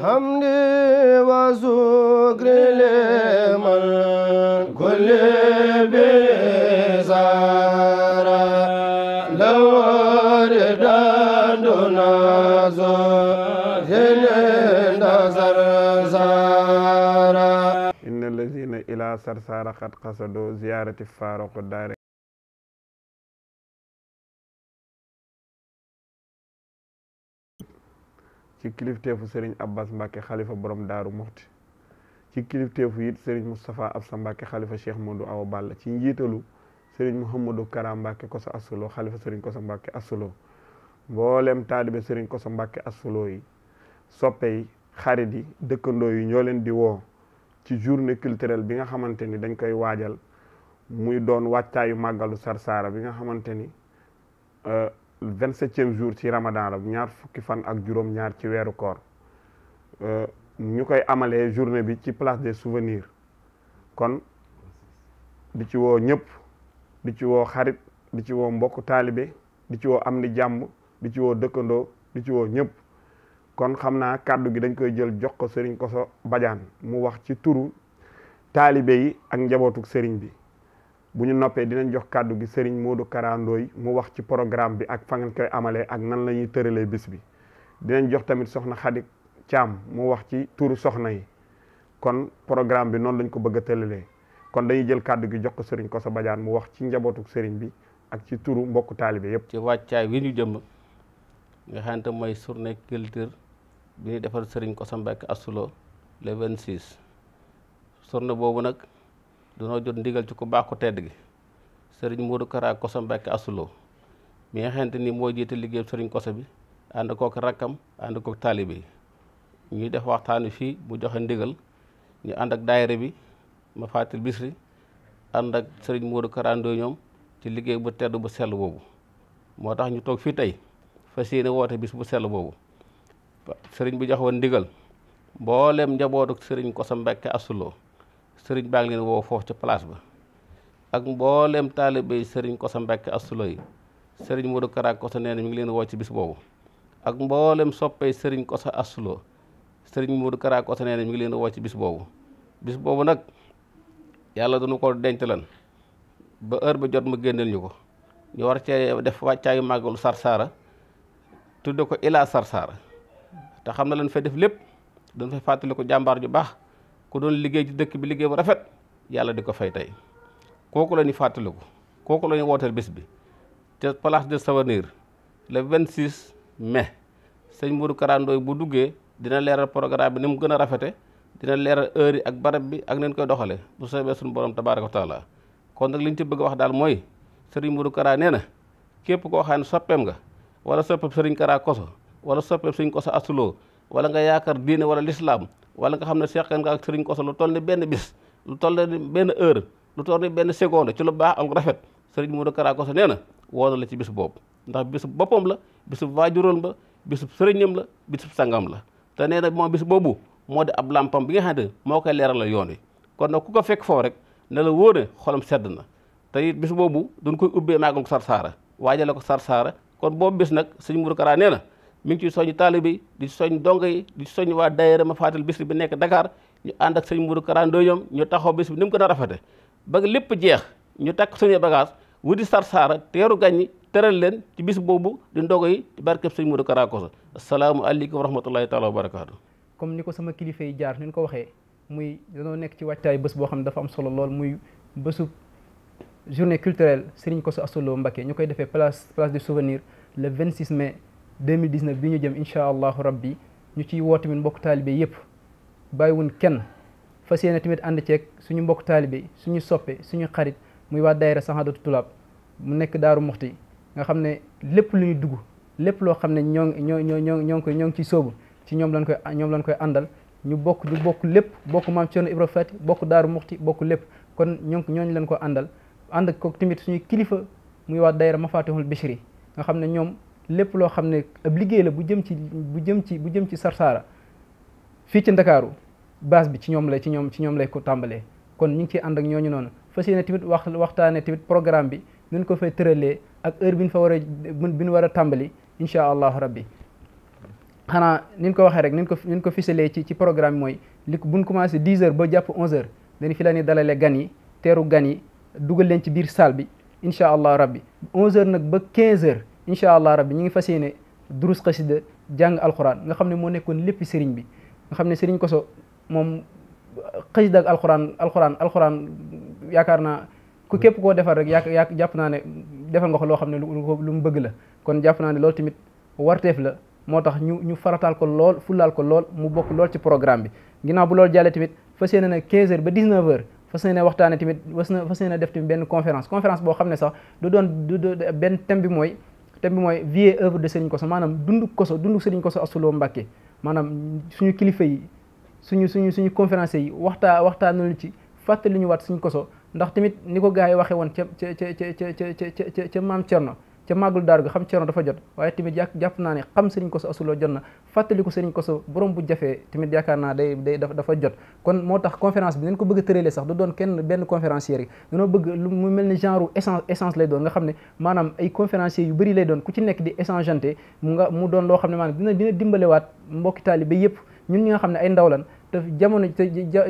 حمدي وزكر لمن كل بزارة لو ردنا نظر زارة إن الذين إلى سرسارة قد قصدوا زيارة فاروق الدار ci kilifteefu sëriñ abbas mbàkke xalifa borom daaru muxti ci kilifteefu it sëriñ moustapha absa mbàkke xalifa cheikh modou awa balla ci njiitalu sëriñ mouhamadou kara mbàkke kosa assuloo xalifa sëriñ kosa mbàkke assuloo mboolem taalibe sëriñ kosa mbàkke assuloo yi soppe yi xarit dëkkandoo yi ñoo leen di woo ci journée culturelle bi nga xamante ni dañ koy waajal muy doon wàccaayu màggalu sarsaara bi nga xamante ni euh, vingt septième jours ci ramadan la ñaar fukki fan ak juróom-ñaar ci weeru koor euh, ñu koy amalee journée bi ci place de souvenir kon di ci woo ñëpp di ci woo xarit di ci woo mbokk taalibe di ci woo am ni jàmm di ci woo dëkkandoo di ci woo ñëpp kon xam naa kàddu gi dañ koy jël jox ko sëriñ ko Koso Badiane mu wax ci turu taalibe yi ak njabootuk sëriñ bi bu ñu noppee dinañ jox kàddu gi sëriñ Modou Kara Ndoye mu wax ci programme bi ak fa koy amalee ak nan la ñuy tëralee bis bi dinañ jox tamit soxna Xadi Caam mu wax ci turu soxna yi kon programme bi noonu lañ ko bëgg a tëralee kon dañuy jël kàddu gi jox ko sëriñ Koso Badiane mu wax ci njabootu sëriñ bi ak ci turu mbokku taalibe yëpp. ci wàccaay wi ñu jëmm nga xamante mooy journée culture bi ñuy defal sëriñ Koso Mbàkke Asulo le 26 journée boobu nag. danoo jot ndigal ci ku baax ku tedd gi sëriñ Modou Kara Koso Mbacke Assoulou mi nga xamante ni moo jiite liggéeyam sëriñ Koso bi ànd kook rakkam ànd kook taalibe yi ñuy def waxtaan fii mu joxe ndigal ñu ànd ak daayira bi ma fàttali bisri ànd ak sëriñ Modou Kara Ndoye ñoom ci liggéey bu tedd bu sell boobu moo tax ñu toog fii tey fas yéene woote bis bu sell boobu sëriñ bi jox woon ndigal mboolem njabootu sëriñ Koso Mbacke Assoulou sëriñ baa ngi leen woo foofu ca place ba ak mbooleem taalibéy sëriñ Kosa Mbàkke Astulo yi sëriñ Modou Kara Kosa nee na mi ngi leen woo ci bis boobu ak mbooleem soppey sëriñ Kosa Astulo sëriñ Modou Kara Kosa mi ngi leen woo ci bis boobu bis boobu nag yàlla dañu ko denc lan ba heure ba jot ma génneel ñu ko ñu war cee def wàccaayu màggalu Sarsara tudde ko ilaa Sarsara te xam na lan fay def lépp dañ fay fàttali ko ju baax ku doon liggéey ci dëkk bi liggéey bu rafet yàlla di ko fay tey kooku la ñu fàttaliku kooku lañuy ñu wooteel bés bi te place de souvenir le 26 mai sëñ Modou Kara Ndoye bu duggee dina leeral programme bi ni mu gën a rafete dina leeral heure yi ak barab bi ak neen koy doxale bu soobee suñu borom tabaaraka wa taala kon nag li ñu ci bëgg a wax daal mooy sëriñ Modou Kara nee na képp ko xam ne soppeem nga wala soppeem sëriñ Kara Koso wala soppeem sëriñ Koso Astou Lo wala nga yaakaar diine wala lislaam wala nga xam ne seqen nga ak sëriñ Kosso lu toll ni benn bis lu toll ni benn heure lu toll ni benn seconde ci lu baax ak rafet sëriñ Modou Kara Kosso nee na woona la ci bis boobu ndax bisu boppam la bisu waajuroon ba bisu sëriñam la bisu sangam la te nee na moom bis boobu moo di ab lampam bi nga xam ne moo koy leeral la yoon wi kon nag ku ko fekk foofu rek ne la wóor ne xolam sedd na te it bis boobu duñ koy ubbee maagal sar saara waajale ko sar saara kon boobu bis nag sëñ Modou Kara nee mi ngi ciy soññ taalibe yi di soñ dongo yi di soñ waa daayira ma faatal bis bi nekk Dakar ñu ànd ak sëñ Mourou Kara Ndoye ñoom ñu taxaw bis bi ni ko gën a rafete ba lépp jeex ñu takk suñu bagage wuti sarsaara teeru gàññi teral leen ci bis boobu di ndogo yi ci barkeb sëñ Mourou Kara Kosso asalaamualeykum wa rahmatullahi taala wa barakaatu comme ni ko sama kilifa yi jaar ni ko waxee muy danoo nekk ci wàccaay bés boo xam ne dafa am solo lool muy bésu journée culturelle Serigne Kosso Astou Lo Mbacké ñu koy defee place place du souvenir le 26 2019 bi ñu jëm incha allahu rabbi ñu ciy woo tamit mbokk taalibe yëpp bàyyiwun kenn fas yéene tamit ànd ceeg suñu mbokk taalibe suñu soppe suñu xarit muy waa daayira Saxaadatu Tulaab mu nekk Daaru Muxti nga xam ne lépp lu dugg lépp loo xam ne ñoo ñoo ñoo ñoo ñoo ñoo ngi ciy sóobu ci ñoom lañ koy ñoom lañ koy àndal ñu bokk ñu bokk lépp bokk maam Cerno Ibra Fati bokk Daaru Muxti bokk lépp kon ñoo ñooñu leen ko àndal ànd ak ko tamit suñu kilifa muy waa daayira Mafatihul Bichri nga xam ne ñoom lépp loo xam ne ab liggéey la bu jëm ci bu jëm ci bu jëm ci Sarsara fii ci Ndakaaru base bi ci ñoom lay ci ñoom ci ñoom lay ko tàmbalee kon ñu ngi ciy ànd ak ñooñu noonu fas yéene tamit wax waxtaanee tamit programme bi nuñ ko fay tëralee ak heure bi ñu fa war a bi ñu war a tàmbali incha allahu rabbi xanaa niñ ko waxee rek niñ ko niñ ko fisalee ci ci programme bi mooy li buñ commencé 10 heures ba jàpp 11 heures dañu fi la ni dalalee gan yi teeru gan yi dugal leen ci biir salle bi incha allah rabbi 11 heures nag ba 15 heures incha allah rabbi ñu ngi fas yéene durus xasida jàng alxuraan nga xam ne moo nekkoon lépp sëriñ bi nga xam ne sëriñ so moom xasida ak alxuraan alxuraan alxuraan yaakaar naa ko képp koo defar rek yaa jàpp naa ne defal nga ko loo xam ne lu mu bëgg la kon jàpp naa ne lool tamit warteef la moo tax ñu ñu farataal ko lool fullaal ko lool mu bokk lool ci programme bi ginnaaw bu loolu jàllee tamit fas yéene na 15 heures ba 19 heures fas yéene waxtaane tamit fas yéene def tamit benn conférence conférence boo xam ne sax du doon du benn thème mooy te bi mooy vie et œuvre de Serigne Kosso maanaam dundu Kosso dundu Serigne Kosso Astou Lo Mbacké maanaam suñu kilifa yi suñu suñu suñu conférenciers yi waxtaa waxtaan nañu ci fàttali ñu waat Serigne koso ndax tamit ni ko gars yi waxee woon ca ca ca ca ca ca ca ca maam Thierno ca màggal daaru ga xam ceerno dafa jot waaye tamit yà jàpp naa ne xam sëriñ koso asuloo jot na fàttali ko sëriñ koso borom bu jafee tamit yaakaar naa day day dafa jot kon moo tax conférence bi nañ ko bëgg a sax du doon kenn benn conférencier rek dañoo bëgg lu mu mel ni genre essence essence lay doon nga xam ne maanaam ay conférencier yu bëri lay doon ku ci nekk di échangeante mu nga mu doon loo xam ne maanaam dina dina dimbalewaat mbokki taalibe yëpp ñun ñi nga xam ne ay ndaw te jamono te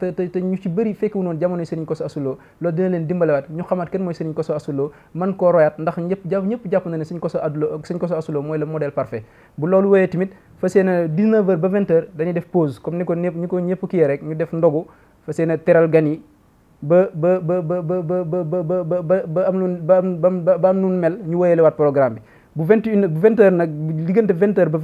te te ñu ci bëri fekkewu noonu jamono Serigne ko sa asuloo loolu dina leen dimbalewaat ñu xamaat kenn mooy Serigne Kosso Astou Lo man koo royaat ndax ñëpp jàpp ñëpp jàpp na ne Serigne Kosso Astou Lo Serigne Kosso Astou Lo mooy le modèle parfait bu loolu wooyee tamit fas yéene 19 heures ba 20 heures dañuy def pause comme ni ko ñëpp ñu ko ñëpp kiyee rek ñu def ndogu fas yéene teral gan yi ba ba ba ba ba ba ba ba ba ba am lu ba ba ba am lu mel ñu wéyalewaat programme bi bu vingt une bu vingt heures nag diggante vingt heures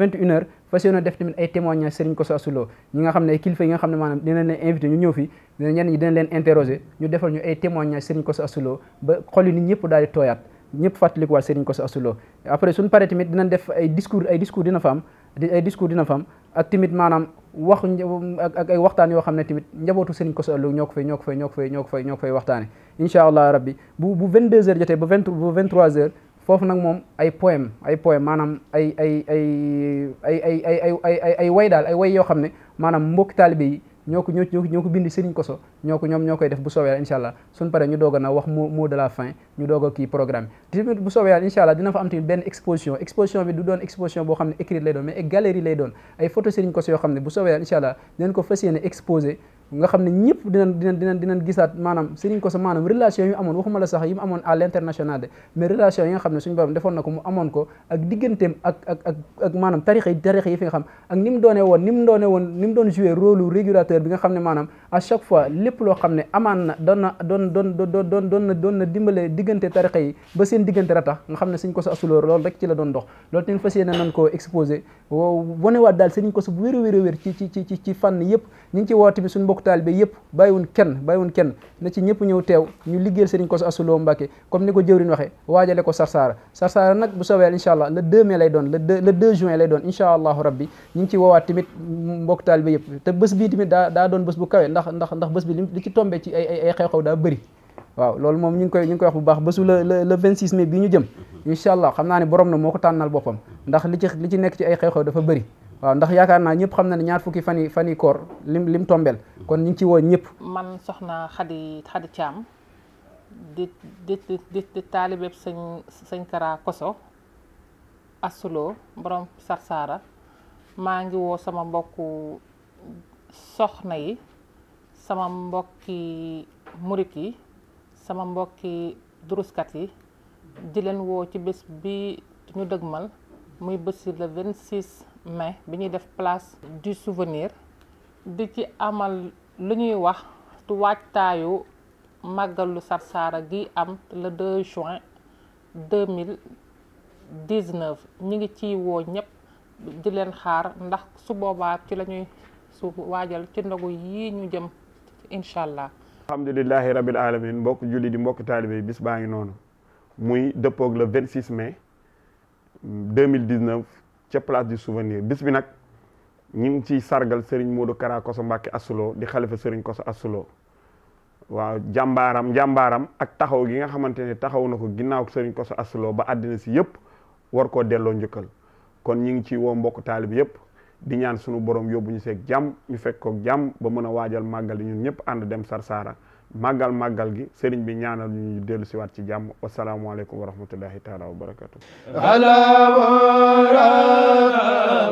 def tamit ay témoignages Serigne Kosso Assoulou ñi nga xam ne ay kilifa yi nga xam ne maanaam dinañ leen invité ñu ñëw fi dina ñenn ñi dinañ leen interroger ñu defal ñu ay témoignages Serigne Kosso Assoulou ba xol yi nit ñëpp daal tooyaat ñëpp fàttalikuwaat Serigne Kosso Assoulou après suñu paree tamit dinañ def ay discours ay discours dina fa am ay discours dina fa ak tamit maanaam wax ak ay waxtaan yoo xam ne tamit njabootu Serigne Kosso Assoulou ñoo ko fay ñoo ko fay ñoo ko fay ñoo foofu nag moom ay poème ay poème maanaam ay ay ay ay ay ay ay ay ay ay way daal ay way yoo xam ne maanaam mbokki taalibe ñoo ko ñoo ko bindi Serigne Kosso ñoom ñoo koy def bu soobee yàlla incha paree ñu doog na wax mot mot fin ñu doog a kii programme bi tamit bu soobee yàlla incha allah dina fa am tamit benn exposition exposition bi du doon exposition boo xam ne écrite lay doon mais ay galerie lay doon ay photo Serigne Kosso yoo xam ne bu soobee yàlla incha allah dinañ ko fas yéene exposé nga xam ne ñëpp dinañ dinañ dinañ dinañ gisaat maanaam Serigne Kosso relation yi mu amoon la sax yi amoon à l'international de mais relation yi nga xam ne suñu borom amoon ko ak digganteem ak ak ak yi fi nga xam ne maanaam à chaque fois lépp loo xam ne amaan doon na dimbale diggante tarixa yi ba seen diggante ratax nga xam ne Serigne Kosso Astou Lô loolu rek ci la doon dox loolu tamit fas yéene nañ ko exposé wonewaat daal Serigne Kosso bu wér a wér a wér ci mbokk taalibe yëpp bàyyiwun kenn bàyyiwun kenn na ci ñëpp ñëw teew ñu liggéeyal Serigne Kosso Astou Lo Mbacké comme ni ko jëwriñ waxee waajale ko Sarsara Sarsara nag bu soobee incha allah le 2 mai lay doon le 2 le 2 juin lay doon incha allahu rabbi ñu ci woowaat tamit mbokk taalibe yëpp te bés bi tamit daa daa doon bés bu kawe ndax ndax ndax bés bi li ci tombé ci ay ay xew-xew daa bëri waaw loolu moom ñu ngi koy ñu ngi koy wax bu baax bésu le le 26 mai bii ñu jëm incha allah xam naa ne borom na moo ko tànnal boppam ndax li ci nekk ci ay xew dafa bëri waaw ndax yaakaar naa ñëpp xam na ñaar fukki fan yi fan yi koor lim lim tombeel kon ñu ngi ci woo ñëpp. man soxna Xadi Xadi Caam di di di di taalibeeb sëñ sëñ Kara Koso asuloo borom Sarsara maa ngi woo sama mbokku soxna yi sama mbokki murit yi sama mbokki duruskat yi di leen woo ci bés bi ñu dëgmal muy bési le 26. mai bi ñuy def place du souvenir di ci amal lu ñuy wax tu waajtaayu màggalu Sarsara gi am le 2 juin 2019 ñi ngi ciy woo ñëpp di leen xaar ndax su boobaa ci la ñuy su waajal ci ndogu yi ñu jëm incha allah. alhamdulilahi rabil alamin mbokk julli di mbokk taalibe yi bis baa ngi noonu muy dëppoog le 26 mai 2019 ce place du souvenir bis nag ñu ngi ciy sargal Serigne Modou Kara Koso Mbacke Assulo di xalifa Serigne Koso Assulo waaw jàmbaaram jàmbaaram ak taxaw gi nga xamante ne taxaw na ko ginnaaw Serigne Koso Assulo ba àddina si yëpp war koo delloo njëkkal kon ñu ngi ciy woo mbokk taalib yëpp di ñaan sunu borom yóbbu ñu seeg jàmm ñu fekk koog jàmm ba mën a waajal màggal ñun ñëpp ànd dem Sarsara. màggal màggal gi sëriñ bi ñaanal ñu dellu si ci jàmm wasalaamualeykum wa rahmatullahi taala wa barakatu ala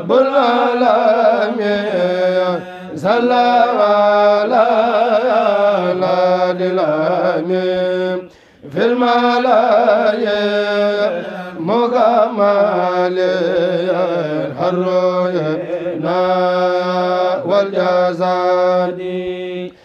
rabbul alamin salawala la dilamin fil malaye mukamale harroye na wal jazadi